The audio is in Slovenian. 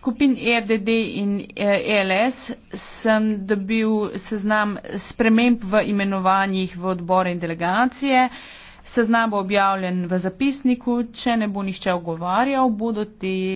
skupin EDD in ELS e sem dobil seznam sprememb v imenovanjih v odbore in delegacije. Seznam bo objavljen v zapisniku, če ne bo nišče ogovarjal, bodo ti.